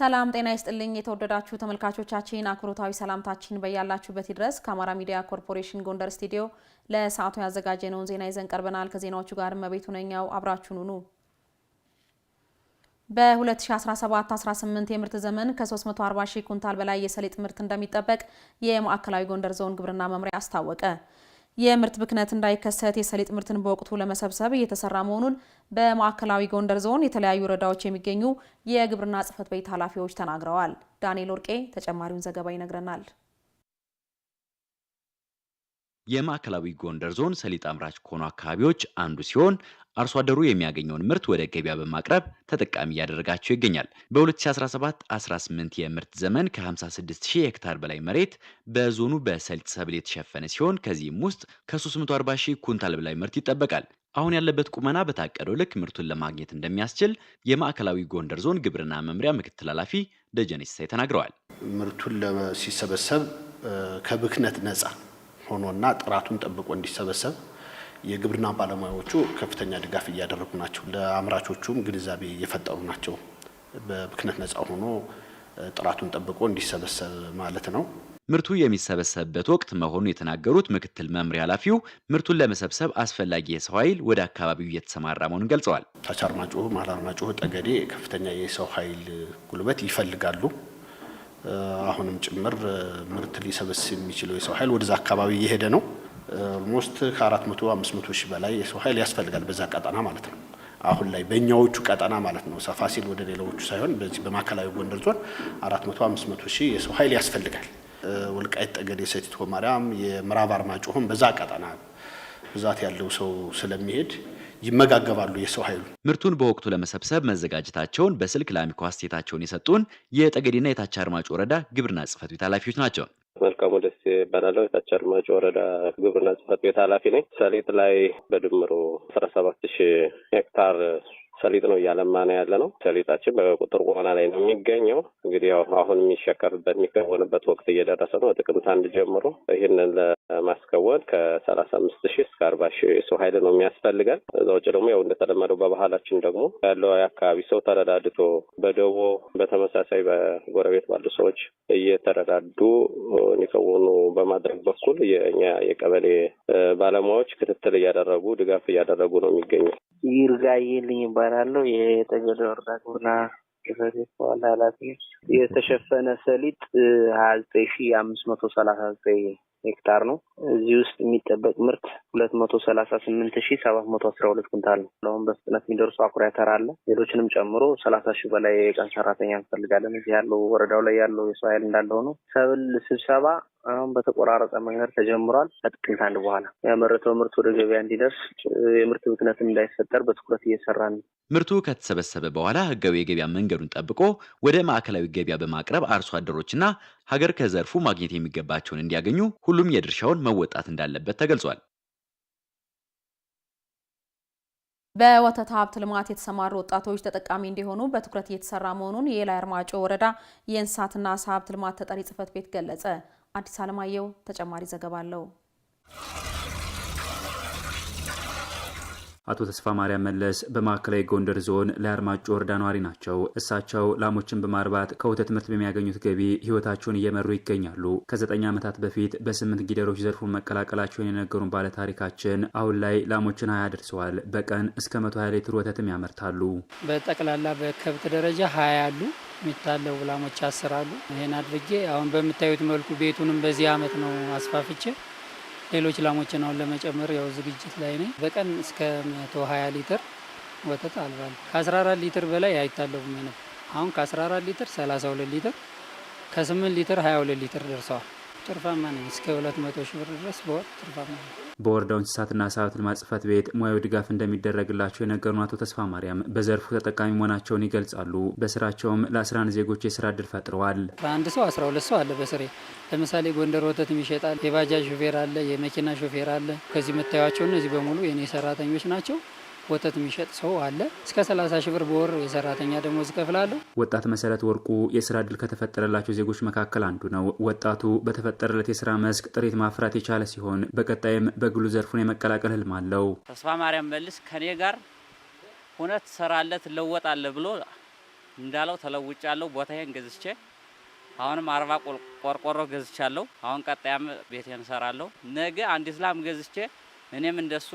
ሰላም ጤና ይስጥልኝ የተወደዳችሁ ተመልካቾቻችን፣ አክብሮታዊ ሰላምታችን በያላችሁበት ድረስ ከአማራ ሚዲያ ኮርፖሬሽን ጎንደር ስቱዲዮ ለሰዓቱ ያዘጋጀነውን ዜና ይዘን ቀርበናል። ከዜናዎቹ ጋር መቤቱ ነኛው፣ አብራችሁን ሁኑ። በ2017/18 የምርት ዘመን ከ340 ሺህ ኩንታል በላይ የሰሊጥ ምርት እንደሚጠበቅ የማዕከላዊ ጎንደር ዞን ግብርና መምሪያ አስታወቀ። የምርት ብክነት እንዳይከሰት የሰሊጥ ምርትን በወቅቱ ለመሰብሰብ እየተሰራ መሆኑን በማዕከላዊ ጎንደር ዞን የተለያዩ ወረዳዎች የሚገኙ የግብርና ጽሕፈት ቤት ኃላፊዎች ተናግረዋል። ዳንኤል ወርቄ ተጨማሪውን ዘገባ ይነግረናል። የማዕከላዊ ጎንደር ዞን ሰሊጥ አምራች ከሆኑ አካባቢዎች አንዱ ሲሆን አርሶ አደሩ የሚያገኘውን ምርት ወደ ገበያ በማቅረብ ተጠቃሚ እያደረጋቸው ይገኛል። በ2017/18 የምርት ዘመን ከ56000 ሄክታር በላይ መሬት በዞኑ በሰሊጥ ሰብል የተሸፈነ ሲሆን ከዚህም ውስጥ ከ340000 ኩንታል በላይ ምርት ይጠበቃል። አሁን ያለበት ቁመና በታቀደው ልክ ምርቱን ለማግኘት እንደሚያስችል የማዕከላዊ ጎንደር ዞን ግብርና መምሪያ ምክትል ኃላፊ ደጀኔ ሲሳይ ተናግረዋል። ምርቱን ሲሰበሰብ ከብክነት ነጻ ሆኖና ጥራቱን ጠብቆ እንዲሰበሰብ የግብርና ባለሙያዎቹ ከፍተኛ ድጋፍ እያደረጉ ናቸው። ለአምራቾቹም ግንዛቤ እየፈጠሩ ናቸው። በብክነት ነጻ ሆኖ ጥራቱን ጠብቆ እንዲሰበሰብ ማለት ነው። ምርቱ የሚሰበሰብበት ወቅት መሆኑን የተናገሩት ምክትል መምሪያ ኃላፊው ምርቱን ለመሰብሰብ አስፈላጊ የሰው ኃይል ወደ አካባቢው እየተሰማራ መሆኑን ገልጸዋል። ታች አርማጭሆ፣ መሃል አርማጭሆ፣ ጠገዴ ከፍተኛ የሰው ኃይል ጉልበት ይፈልጋሉ። አሁንም ጭምር ምርት ሊሰበስብ የሚችለው የሰው ኃይል ወደዛ አካባቢ እየሄደ ነው። ኦልሞስት ከአራት መቶ አምስት መቶ ሺህ በላይ የሰው ኃይል ያስፈልጋል በዛ ቀጠና ማለት ነው። አሁን ላይ በእኛዎቹ ቀጠና ማለት ነው። ሰፋ ሲል ወደ ሌላዎቹ ሳይሆን በዚህ በማዕከላዊ ጎንደር ዞን አራት መቶ አምስት መቶ ሺህ የሰው ኃይል ያስፈልጋል። ወልቃይት ጠገዴ፣ ሰቲት ማርያም፣ የምዕራብ አርማጭሆም በዛ ቀጠና ብዛት ያለው ሰው ስለሚሄድ ይመጋገባሉ የሰው ኃይሉ። ምርቱን በወቅቱ ለመሰብሰብ መዘጋጀታቸውን በስልክ ለአሚኮ አስተያየታቸውን የሰጡን የጠገዴና የታች አርማጭ ወረዳ ግብርና ጽፈት ቤት ኃላፊዎች ናቸው። መልካሙ ደስ ይባላለሁ። የታች አርማጭ ወረዳ ግብርና ጽፈት ቤት ኃላፊ ነኝ። ሰሊጥ ላይ በድምሩ አስራ ሰባት ሺህ ሄክታር ሰሊጥ ነው እያለማ ነው ያለ ነው። ሰሊጣችን በቁጥር ቆና ላይ ነው የሚገኘው። እንግዲህ ያው አሁን የሚሸከፍበት የሚከወንበት ወቅት እየደረሰ ነው። ጥቅምት አንድ ጀምሮ ይህንን ለማስከወን ከሰላሳ አምስት ሺህ እስከ አርባ ሺህ ሰው ኃይል ነው የሚያስፈልገን። እዛ ውጭ ደግሞ ያው እንደተለመደው በባህላችን ደግሞ ያለው የአካባቢ ሰው ተረዳድቶ በደቦ በተመሳሳይ በጎረቤት ባሉ ሰዎች እየተረዳዱ እንዲከወኑ በማድረግ በኩል የእኛ የቀበሌ ባለሙያዎች ክትትል እያደረጉ ድጋፍ እያደረጉ ነው የሚገኘው። ይርጋዬልኝ ይባላለሁ። የጠገዴ ወረዳ ግብርና ጽሕፈት ቤት ዋና ኃላፊ። የተሸፈነ ሰሊጥ ሀያ ዘጠኝ ሺ አምስት መቶ ሰላሳ ዘጠኝ ሄክታር ነው። እዚህ ውስጥ የሚጠበቅ ምርት ሁለት መቶ ሰላሳ ስምንት ሺ ሰባት መቶ አስራ ሁለት ኩንታል ነው። አሁን በፍጥነት የሚደርሱ አኩሪ አተር አለ። ሌሎችንም ጨምሮ ሰላሳ ሺህ በላይ የቀን ሰራተኛ እንፈልጋለን። እዚህ ያለው ወረዳው ላይ ያለው የሰው ኃይል እንዳለው ሆኖ ሰብል ስብሰባ አሁን በተቆራረጠ መንገድ ተጀምሯል። ከጥቅምት አንድ በኋላ ያመረተው ምርት ወደ ገበያ እንዲደርስ የምርት ብክነት እንዳይፈጠር በትኩረት እየሰራ ነው። ምርቱ ከተሰበሰበ በኋላ ህጋዊ የገበያ መንገዱን ጠብቆ ወደ ማዕከላዊ ገበያ በማቅረብ አርሶ አደሮችና ሀገር ከዘርፉ ማግኘት የሚገባቸውን እንዲያገኙ ሁሉም የድርሻውን መወጣት እንዳለበት ተገልጿል። በወተት ሀብት ልማት የተሰማሩ ወጣቶች ተጠቃሚ እንዲሆኑ በትኩረት እየተሰራ መሆኑን የላይ አርማጮ ወረዳ የእንስሳትና ሀብት ልማት ተጠሪ ጽህፈት ቤት ገለጸ። አዲስ አለማየሁ ተጨማሪ ዘገባ አለው። አቶ ተስፋ ማርያም መለስ በማዕከላዊ ጎንደር ዞን ለአርማጮ ወረዳ ነዋሪ ናቸው። እሳቸው ላሞችን በማርባት ከወተት ምርት በሚያገኙት ገቢ ህይወታቸውን እየመሩ ይገኛሉ። ከዘጠኝ ዓመታት በፊት በስምንት ጊደሮች ዘርፉን መቀላቀላቸውን የነገሩን ባለታሪካችን አሁን ላይ ላሞችን ሀያ ደርሰዋል። በቀን እስከ መቶ ሀያ ሊትር ወተትም ያመርታሉ። በጠቅላላ በከብት ደረጃ ሀያ አሉ የሚታለው ላሞች አስራሉ። ይህን አድርጌ አሁን በምታዩት መልኩ ቤቱንም በዚህ ዓመት ነው አስፋፍቼ ሌሎች ላሞችን አሁን ለመጨመር ያው ዝግጅት ላይ ነኝ። በቀን እስከ 120 ሊትር ወተት አልባል ከ14 ሊትር በላይ አይታለቡም አሁን ከ14 ሊትር 32 ሊትር ከ8 ሊትር 22 ሊትር ደርሰዋል። ትርፋማ ነኝ። እስከ 200 ሺህ ብር ድረስ በወር ትርፋማ ነኝ። በወረዳው እንስሳትና ዓሳ ልማት ጽሕፈት ቤት ሙያዊ ድጋፍ እንደሚደረግላቸው የነገሩን አቶ ተስፋ ማርያም በዘርፉ ተጠቃሚ መሆናቸውን ይገልጻሉ። በስራቸውም ለ11 ዜጎች የስራ እድል ፈጥረዋል። በአንድ ሰው 12 ሰው አለ በስሬ ለምሳሌ ጎንደር ወተት ይሸጣል። የባጃጅ ሾፌር አለ፣ የመኪና ሾፌር አለ። ከዚህ የምታዩቸው እነዚህ በሙሉ የኔ ሰራተኞች ናቸው። ወተት የሚሸጥ ሰው አለ። እስከ 30 ሺህ ብር በወር የሰራተኛ ደሞዝ እከፍላለሁ። ወጣት መሰረት ወርቁ የስራ እድል ከተፈጠረላቸው ዜጎች መካከል አንዱ ነው። ወጣቱ በተፈጠረለት የስራ መስክ ጥሪት ማፍራት የቻለ ሲሆን በቀጣይም በግሉ ዘርፉን የመቀላቀል ህልም አለው። ተስፋ ማርያም መልስ ከኔ ጋር እውነት ሰራለ ለወጣለ ብሎ እንዳለው ተለውጫለሁ። ቦታዬን ገዝቼ አሁንም አርባ ቆርቆሮ ገዝቻለሁ። አሁን ቀጣያም ቤቴን ሰራለሁ። ነገ አንድ ስላም ገዝቼ እኔም እንደሱ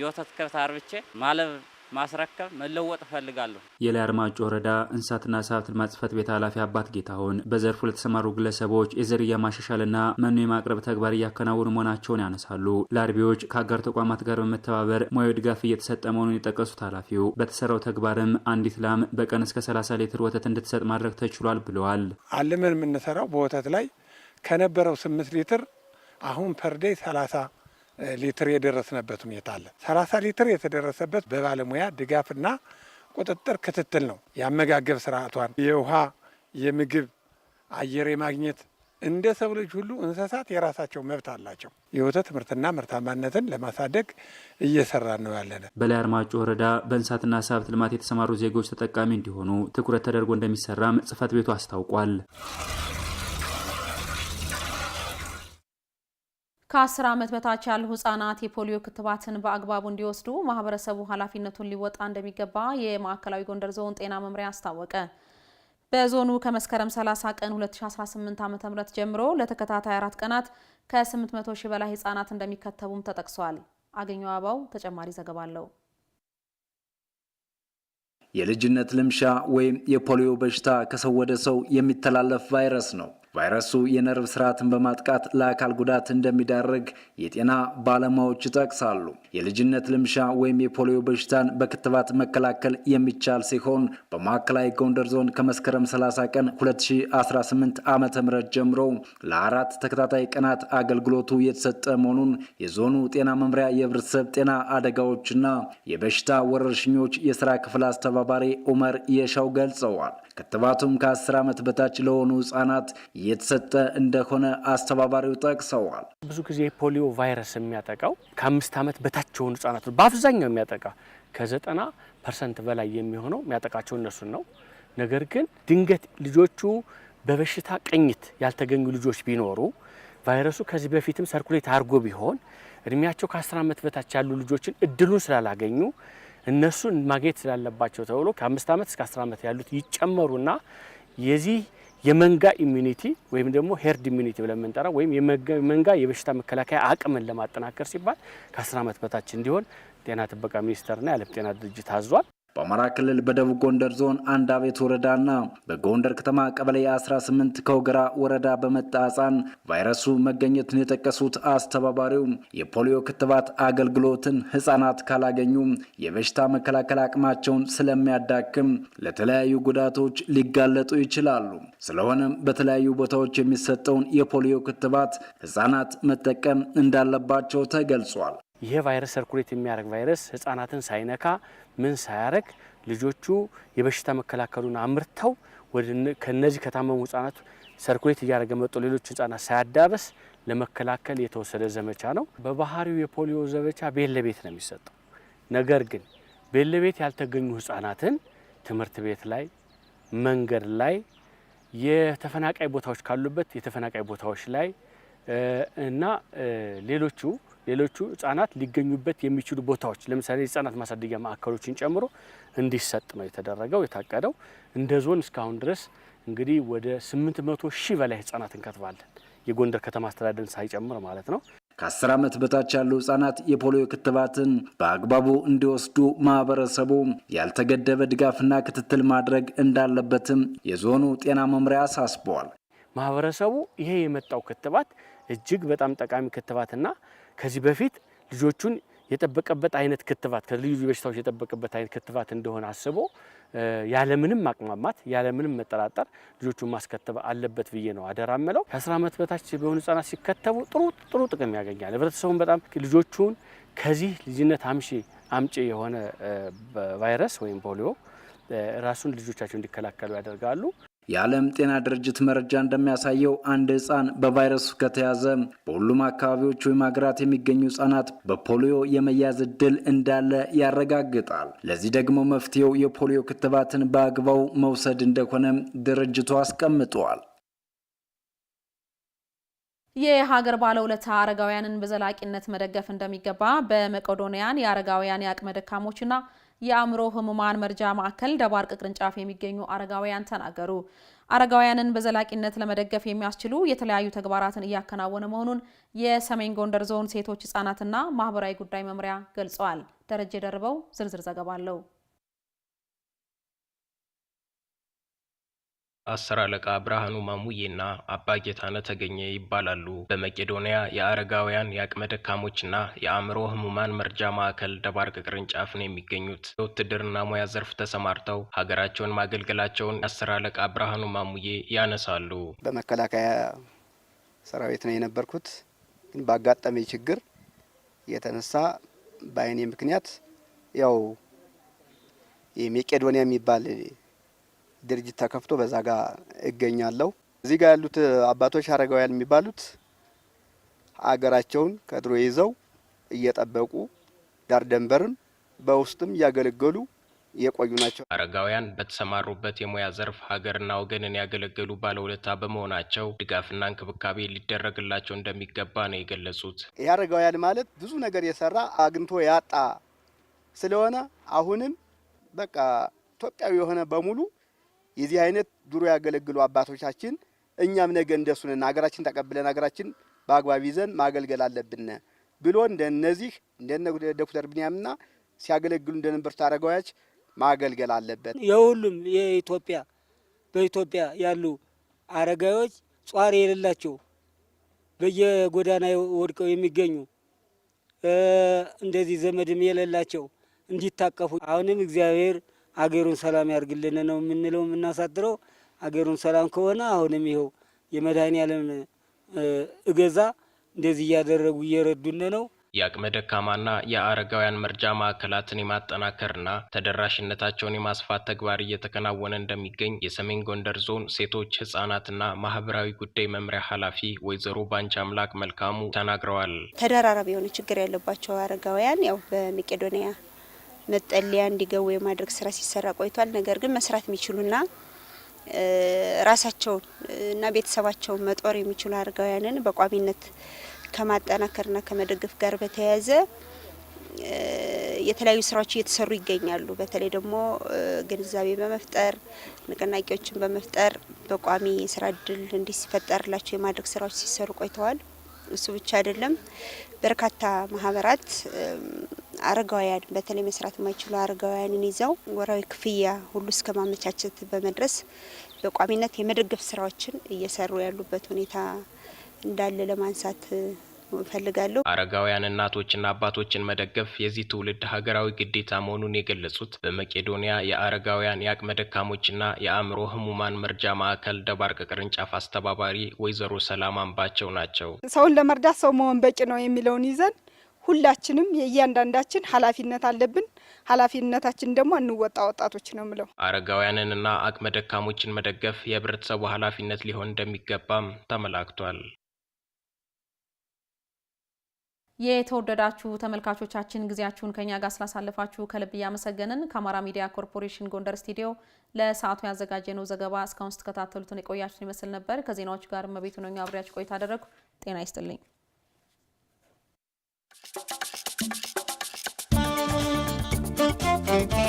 የወተት ከብት አርብቼ ማለብ ማስረከብ መለወጥ እፈልጋለሁ። የላይ አርማጭሆ ወረዳ እንስሳትና ዓሳ ሀብት ልማት ጽሕፈት ቤት ኃላፊ አባት ጌታሁን በዘርፉ ለተሰማሩ ግለሰቦች የዝርያ ማሻሻልና መኖ የማቅረብ ተግባር እያከናወኑ መሆናቸውን ያነሳሉ። ለአርቢዎች ከአጋር ተቋማት ጋር በመተባበር ሙያዊ ድጋፍ እየተሰጠ መሆኑን የጠቀሱት ኃላፊው በተሰራው ተግባርም አንዲት ላም በቀን እስከ 30 ሊትር ወተት እንድትሰጥ ማድረግ ተችሏል ብለዋል። አልመን የምንሰራው በወተት ላይ ከነበረው 8 ሊትር አሁን ፐርዴይ 30 ሊትር የደረስነበት ሁኔታ አለ። 30 ሊትር የተደረሰበት በባለሙያ ድጋፍና ቁጥጥር ክትትል ነው። የአመጋገብ ስርዓቷን፣ የውሃ፣ የምግብ፣ አየር የማግኘት እንደ ሰው ልጅ ሁሉ እንስሳት የራሳቸው መብት አላቸው። የወተት ምርትና ምርታማነትን ለማሳደግ እየሰራ ነው ያለን። በላይ አርማጭሆ ወረዳ በእንስሳትና ዓሳ ሀብት ልማት የተሰማሩ ዜጎች ተጠቃሚ እንዲሆኑ ትኩረት ተደርጎ እንደሚሰራም ጽህፈት ቤቱ አስታውቋል። ከአስር ዓመት በታች ያሉ ህጻናት የፖሊዮ ክትባትን በአግባቡ እንዲወስዱ ማህበረሰቡ ኃላፊነቱን ሊወጣ እንደሚገባ የማዕከላዊ ጎንደር ዞን ጤና መምሪያ አስታወቀ። በዞኑ ከመስከረም 30 ቀን 2018 ዓ.ም ጀምሮ ለተከታታይ አራት ቀናት ከ800 ሺህ በላይ ህጻናት እንደሚከተቡም ተጠቅሷል። አገኘው አባው ተጨማሪ ዘገባ አለው። የልጅነት ልምሻ ወይም የፖሊዮ በሽታ ከሰው ወደ ሰው የሚተላለፍ ቫይረስ ነው። ቫይረሱ የነርቭ ስርዓትን በማጥቃት ለአካል ጉዳት እንደሚዳረግ የጤና ባለሙያዎች ይጠቅሳሉ። የልጅነት ልምሻ ወይም የፖሊዮ በሽታን በክትባት መከላከል የሚቻል ሲሆን በማዕከላዊ ጎንደር ዞን ከመስከረም 30 ቀን 2018 ዓ ም ጀምሮ ለአራት ተከታታይ ቀናት አገልግሎቱ የተሰጠ መሆኑን የዞኑ ጤና መምሪያ የህብረተሰብ ጤና አደጋዎችና የበሽታ ወረርሽኞች የስራ ክፍል አስተባባሪ ኡመር የሻው ገልጸዋል። ክትባቱም ከ10 ዓመት በታች ለሆኑ ህጻናት እየተሰጠ እንደሆነ አስተባባሪው ጠቅሰዋል። ብዙ ጊዜ ፖሊዮ ቫይረስ የሚያጠቃው ከአምስት ዓመት በታች የሆኑ ህጻናት ነው በአብዛኛው የሚያጠቃ ከዘጠና ፐርሰንት በላይ የሚሆነው የሚያጠቃቸው እነሱን ነው። ነገር ግን ድንገት ልጆቹ በበሽታ ቅኝት ያልተገኙ ልጆች ቢኖሩ ቫይረሱ ከዚህ በፊትም ሰርኩሌት አድርጎ ቢሆን እድሜያቸው ከ10 ዓመት በታች ያሉ ልጆችን እድሉን ስላላገኙ እነሱን ማግኘት ስላለባቸው ተብሎ ከ5 ዓመት እስከ 10 ዓመት ያሉት ይጨመሩና የዚህ የመንጋ ኢሚኒቲ ወይም ደግሞ ሄርድ ኢሚኒቲ ብለን የምንጠራው ወይም የመንጋ የበሽታ መከላከያ አቅምን ለማጠናከር ሲባል ከ10 ዓመት በታች እንዲሆን ጤና ጥበቃ ሚኒስቴርና የዓለም ጤና ድርጅት አዟል። በአማራ ክልል በደቡብ ጎንደር ዞን አንድ አቤት ወረዳና በጎንደር ከተማ ቀበሌ 18 ከወገራ ወረዳ በመጣ ሕፃን ቫይረሱ መገኘትን የጠቀሱት አስተባባሪው የፖሊዮ ክትባት አገልግሎትን ሕፃናት ካላገኙ የበሽታ መከላከል አቅማቸውን ስለሚያዳክም ለተለያዩ ጉዳቶች ሊጋለጡ ይችላሉ። ስለሆነም በተለያዩ ቦታዎች የሚሰጠውን የፖሊዮ ክትባት ሕፃናት መጠቀም እንዳለባቸው ተገልጿል። ይሄ ቫይረስ ሰርኩሌት የሚያደርግ ቫይረስ ህጻናትን ሳይነካ ምን ሳያደርግ ልጆቹ የበሽታ መከላከሉን አምርተው ከነዚህ ከታመሙ ህጻናት ሰርኩሌት እያደረገ መጡ ሌሎች ህጻናት ሳያዳርስ ለመከላከል የተወሰደ ዘመቻ ነው። በባህሪው የፖሊዮ ዘመቻ ቤት ለቤት ነው የሚሰጠው። ነገር ግን ቤት ለቤት ያልተገኙ ህጻናትን ትምህርት ቤት ላይ፣ መንገድ ላይ፣ የተፈናቃይ ቦታዎች ካሉበት የተፈናቃይ ቦታዎች ላይ እና ሌሎቹ ሌሎቹ ህጻናት ሊገኙበት የሚችሉ ቦታዎች ለምሳሌ ህጻናት ማሳደጊያ ማዕከሎችን ጨምሮ እንዲሰጥ ነው የተደረገው የታቀደው። እንደ ዞን እስካሁን ድረስ እንግዲህ ወደ 800 ሺህ በላይ ህጻናት እንከትባለን የጎንደር ከተማ አስተዳደርን ሳይጨምር ማለት ነው። ከአስር ዓመት በታች ያሉ ህጻናት የፖሊዮ ክትባትን በአግባቡ እንዲወስዱ ማህበረሰቡ ያልተገደበ ድጋፍና ክትትል ማድረግ እንዳለበትም የዞኑ ጤና መምሪያ አሳስበዋል። ማህበረሰቡ ይሄ የመጣው ክትባት እጅግ በጣም ጠቃሚ ክትባትና ከዚህ በፊት ልጆቹን የጠበቀበት አይነት ክትባት ከልዩ ልዩ በሽታዎች የጠበቀበት አይነት ክትባት እንደሆነ አስቦ ያለምንም ማቅማማት ያለምንም መጠራጠር ልጆቹን ማስከተብ አለበት ብዬ ነው አደራመለው ምለው። ከአስር ዓመት በታች በሆኑ ህጻናት ሲከተቡ ጥሩ ጥሩ ጥቅም ያገኛል። ህብረተሰቡን በጣም ልጆቹን ከዚህ ልጅነት አምሺ አምጪ የሆነ ቫይረስ ወይም ፖሊዮ ራሱን ልጆቻቸው እንዲከላከሉ ያደርጋሉ። የዓለም ጤና ድርጅት መረጃ እንደሚያሳየው አንድ ህፃን በቫይረሱ ከተያዘ በሁሉም አካባቢዎች ወይም ሀገራት የሚገኙ ህጻናት በፖሊዮ የመያዝ እድል እንዳለ ያረጋግጣል። ለዚህ ደግሞ መፍትሄው የፖሊዮ ክትባትን በአግባው መውሰድ እንደሆነ ድርጅቱ አስቀምጠዋል። የሀገር ባለውለታ አረጋውያንን በዘላቂነት መደገፍ እንደሚገባ በመቄዶንያን የአረጋውያን የአቅመ ደካሞችና የአእምሮ ህሙማን መርጃ ማዕከል ደባርቅ ቅርንጫፍ የሚገኙ አረጋውያን ተናገሩ። አረጋውያንን በዘላቂነት ለመደገፍ የሚያስችሉ የተለያዩ ተግባራትን እያከናወነ መሆኑን የሰሜን ጎንደር ዞን ሴቶች ህጻናትና ማህበራዊ ጉዳይ መምሪያ ገልጸዋል። ደረጀ ደርበው ዝርዝር ዘገባ አለው። አስር አለቃ ብርሃኑ ማሙዬና አባ ጌታነ ተገኘ ይባላሉ። በመቄዶንያ የአረጋውያን የአቅመ ደካሞችና የአእምሮ ህሙማን መርጃ ማዕከል ደባርቅ ቅርንጫፍ ነው የሚገኙት። የውትድርና ሙያ ዘርፍ ተሰማርተው ሀገራቸውን ማገልገላቸውን አስር አለቃ ብርሃኑ ማሙዬ ያነሳሉ። በመከላከያ ሰራዊት ነው የነበርኩት። ግን ባጋጠመኝ ችግር የተነሳ በአይኔ ምክንያት ያው የሜቄዶንያ የሚባል ድርጅት ተከፍቶ በዛ ጋር እገኛለሁ። እዚህ ጋር ያሉት አባቶች አረጋውያን የሚባሉት አገራቸውን ከድሮ ይዘው እየጠበቁ ዳር ደንበርም በውስጥም እያገለገሉ የቆዩ ናቸው። አረጋውያን በተሰማሩበት የሙያ ዘርፍ ሀገርና ወገንን ያገለገሉ ባለውለታ በመሆናቸው ድጋፍና እንክብካቤ ሊደረግላቸው እንደሚገባ ነው የገለጹት። ይህ አረጋውያን ማለት ብዙ ነገር የሰራ አግኝቶ ያጣ ስለሆነ አሁንም በቃ ኢትዮጵያዊ የሆነ በሙሉ የዚህ አይነት ድሮ ያገለግሉ አባቶቻችን እኛም ነገ እንደሱንና ሀገራችን ተቀብለን ሀገራችን በአግባብ ይዘን ማገልገል አለብን ብሎ እንደነዚህ እንደነ ዶክተር ብንያምና ሲያገለግሉ እንደነበሩት አረጋውያች ማገልገል አለበት። የሁሉም የኢትዮጵያ በኢትዮጵያ ያሉ አረጋዮች ጧሪ የሌላቸው በየጎዳና ወድቀው የሚገኙ እንደዚህ ዘመድም የሌላቸው እንዲታቀፉ አሁንም እግዚአብሔር አገሩን ሰላም ያርግልን ነው የምንለው የምናሳድረው። አገሩን ሰላም ከሆነ አሁንም ይኸው ያለም እገዛ እንደዚህ እያደረጉ እየረዱን ነው። የአቅመ ደካማና የአረጋውያን መርጃ ማዕከላትን የማጠናከርና ተደራሽነታቸውን የማስፋት ተግባር እየተከናወነ እንደሚገኝ የሰሜን ጎንደር ዞን ሴቶች ህጻናትና ማህበራዊ ጉዳይ መምሪያ ኃላፊ ወይዘሮ ባንቻ አምላክ መልካሙ ተናግረዋል። ተደራራቢ የሆነ ችግር ያለባቸው አረጋውያን ያው በመቄዶንያ መጠለያ እንዲገቡ የማድረግ ስራ ሲሰራ ቆይቷል። ነገር ግን መስራት የሚችሉና ራሳቸውን እና ቤተሰባቸውን መጦር የሚችሉ አረጋውያንን በቋሚነት ከማጠናከርና ከመደገፍ ጋር በተያያዘ የተለያዩ ስራዎች እየተሰሩ ይገኛሉ። በተለይ ደግሞ ግንዛቤ በመፍጠር ንቅናቄዎችን በመፍጠር በቋሚ የስራ እድል እንዲፈጠርላቸው የማድረግ ስራዎች ሲሰሩ ቆይተዋል። እሱ ብቻ አይደለም፣ በርካታ ማህበራት አረጋውያን በተለይ መስራት የማይችሉ አረጋውያንን ይዘው ወራዊ ክፍያ ሁሉ እስከ ማመቻቸት በመድረስ በቋሚነት የመደገፍ ስራዎችን እየሰሩ ያሉበት ሁኔታ እንዳለ ለማንሳት እፈልጋለሁ። አረጋውያን እናቶችና አባቶችን መደገፍ የዚህ ትውልድ ሀገራዊ ግዴታ መሆኑን የገለጹት በመቄዶንያ የአረጋውያን የአቅመ ደካሞችና የአእምሮ ህሙማን መርጃ ማዕከል ደባርቅ ቅርንጫፍ አስተባባሪ ወይዘሮ ሰላም አምባቸው ናቸው። ሰውን ለመርዳት ሰው መሆን በቂ ነው የሚለውን ይዘን ሁላችንም የእያንዳንዳችን ኃላፊነት አለብን። ኃላፊነታችን ደግሞ እንወጣ ወጣቶች ነው ምለው። አረጋውያንንና አቅመ ደካሞችን መደገፍ የህብረተሰቡ ኃላፊነት ሊሆን እንደሚገባም ተመላክቷል። የተወደዳችሁ ተመልካቾቻችን ጊዜያችሁን ከኛ ጋር ስላሳለፋችሁ ከልብ እያመሰገንን ከአማራ ሚዲያ ኮርፖሬሽን ጎንደር ስቱዲዮ ለሰዓቱ ያዘጋጀነው ዘገባ እስካሁን ስትከታተሉትን የቆያችሁን ይመስል ነበር። ከዜናዎቹ ጋር መቤቱ ነኛ አብሬያችሁ ቆይታ አደረግኩ። ጤና ይስጥልኝ። Thank you.